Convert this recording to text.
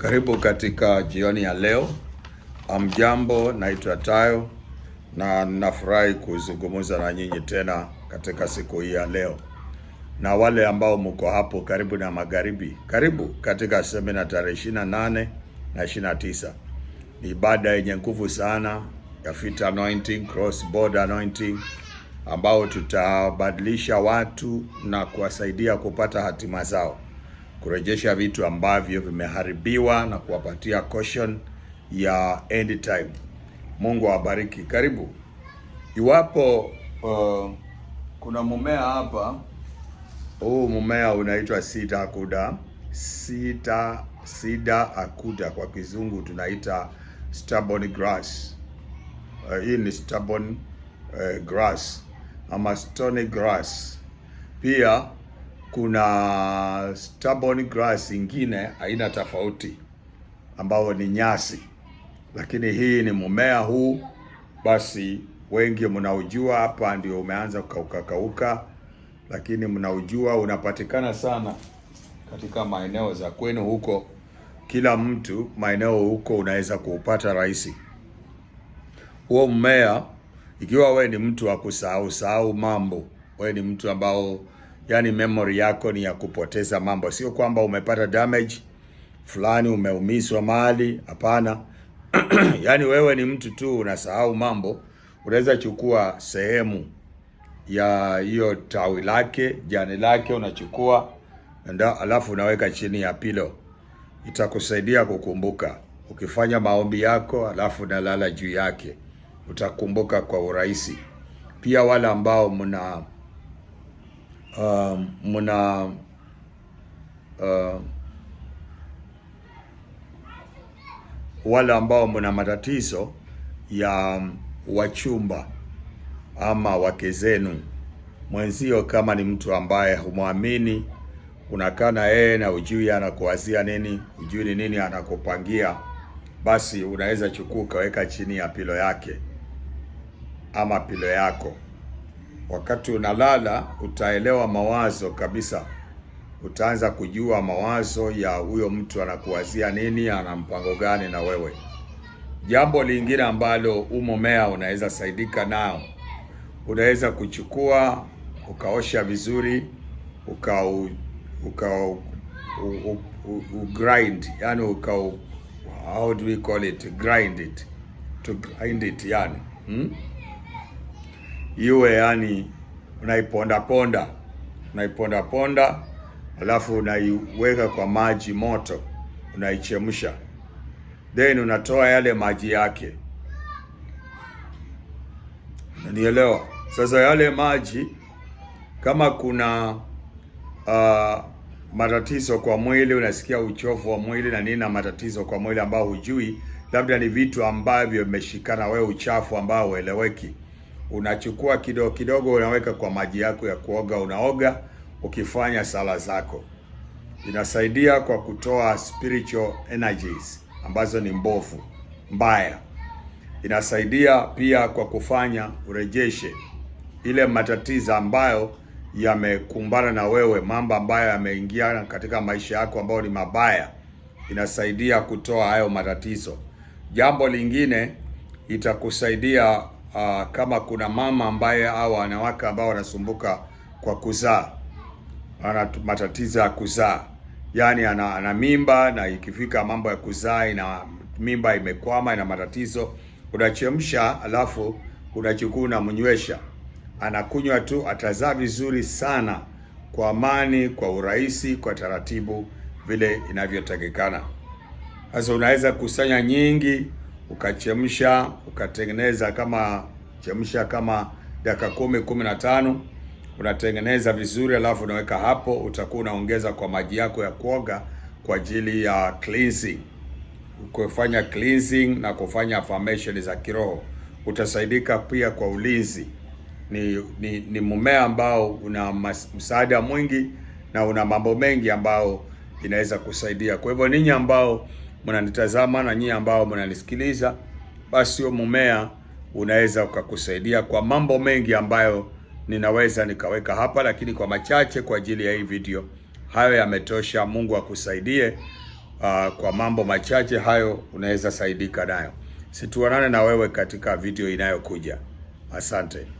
Karibu katika jioni ya leo. Amjambo, naitwa Tayo na nafurahi kuzungumza na nyinyi tena katika siku hii ya leo, na wale ambao mko hapo karibu na magharibi, karibu katika semina tarehe 28 na 29. ni ibada yenye nguvu sana ya feet anointing, cross border anointing ambao tutabadilisha watu na kuwasaidia kupata hatima zao kurejesha vitu ambavyo vimeharibiwa na kuwapatia caution ya end time. Mungu awabariki. Karibu. Iwapo uh, kuna mumea hapa, huu mumea unaitwa sida akuda, sida sida akuda kwa kizungu tunaita stubborn grass. Uh, hii ni stubborn uh, grass ama stony grass pia kuna stubborn grass ingine aina tofauti ambayo ni nyasi, lakini hii ni mmea huu, basi wengi mnaujua hapa, ndio umeanza kukauka kauka, lakini mnaujua, unapatikana sana katika maeneo za kwenu huko. Kila mtu maeneo huko unaweza kuupata rahisi huo mmea, ikiwa we ni mtu wa kusahau sahau mambo, we ni mtu ambao yani memory yako ni ya kupoteza mambo, sio kwamba umepata damage fulani, umeumizwa mali. hapana. Yani wewe ni mtu tu unasahau mambo. Unaweza chukua sehemu ya hiyo tawi lake, jani lake unachukua nda, alafu unaweka chini ya pilo, itakusaidia kukumbuka. Ukifanya maombi yako alafu nalala juu yake, utakumbuka kwa urahisi. Pia wale ambao mna uh, uh, wale ambao muna matatizo ya um, wachumba ama wake zenu. Mwenzio kama ni mtu ambaye humwamini, unakaa na yeye na ujui anakuwazia nini, ujui ni nini anakupangia, basi unaweza chukua ukaweka chini ya pilo yake ama pilo yako wakati unalala utaelewa mawazo kabisa. Utaanza kujua mawazo ya huyo mtu anakuwazia nini, ana mpango gani na wewe. Jambo lingine ambalo umo unaweza saidika nao, unaweza kuchukua ukaosha vizuri, uka uka grind yani uka how do we call it grind it to grind it yani hmm? iwe yani unaipondaponda ponda, alafu unaiweka kwa maji moto, unaichemsha, then unatoa yale maji yake. Unanielewa? Sasa yale maji kama kuna uh, matatizo kwa mwili, unasikia uchovu wa mwili na nini na matatizo kwa mwili ambao hujui, labda ni vitu ambavyo vimeshikana wewe, uchafu ambao hueleweki unachukua kidogo kidogo, unaweka kwa maji yako ya kuoga, unaoga ukifanya sala zako. Inasaidia kwa kutoa spiritual energies ambazo ni mbovu mbaya. Inasaidia pia kwa kufanya urejeshe ile matatizo ambayo yamekumbana na wewe, mambo ambayo yameingia katika maisha yako ambayo ni mabaya. Inasaidia kutoa hayo matatizo. Jambo lingine itakusaidia uh, kama kuna mama ambaye au wanawake ambao wanasumbuka kwa kuzaa, ana matatizo ya kuzaa, yaani ana, ana mimba na ikifika mambo ya kuzaa, ina mimba imekwama, ina matatizo, unachemsha alafu unachukua unamnywesha, anakunywa tu, atazaa vizuri sana kwa amani, kwa urahisi, kwa taratibu vile inavyotakikana. Sasa unaweza kusanya nyingi ukachemsha, ukatengeneza kama chemsha kama dakika kumi kumi na tano unatengeneza vizuri, alafu unaweka hapo, utakuwa unaongeza kwa maji yako ya kuoga kwa ajili ya cleansing, kufanya cleansing na kufanya affirmation za kiroho. Utasaidika pia kwa ulinzi. Ni, ni, ni mmea ambao una msaada mwingi na una mambo mengi ambayo inaweza kusaidia. Kwa hivyo ninyi ambao mnanitazama na nyie ambao mnanisikiliza, basi huo mumea unaweza ukakusaidia kwa mambo mengi ambayo ninaweza nikaweka hapa, lakini kwa machache kwa ajili ya hii video hayo yametosha. Mungu akusaidie. Uh, kwa mambo machache hayo unaweza saidika nayo. Situonane na wewe katika video inayokuja. Asante.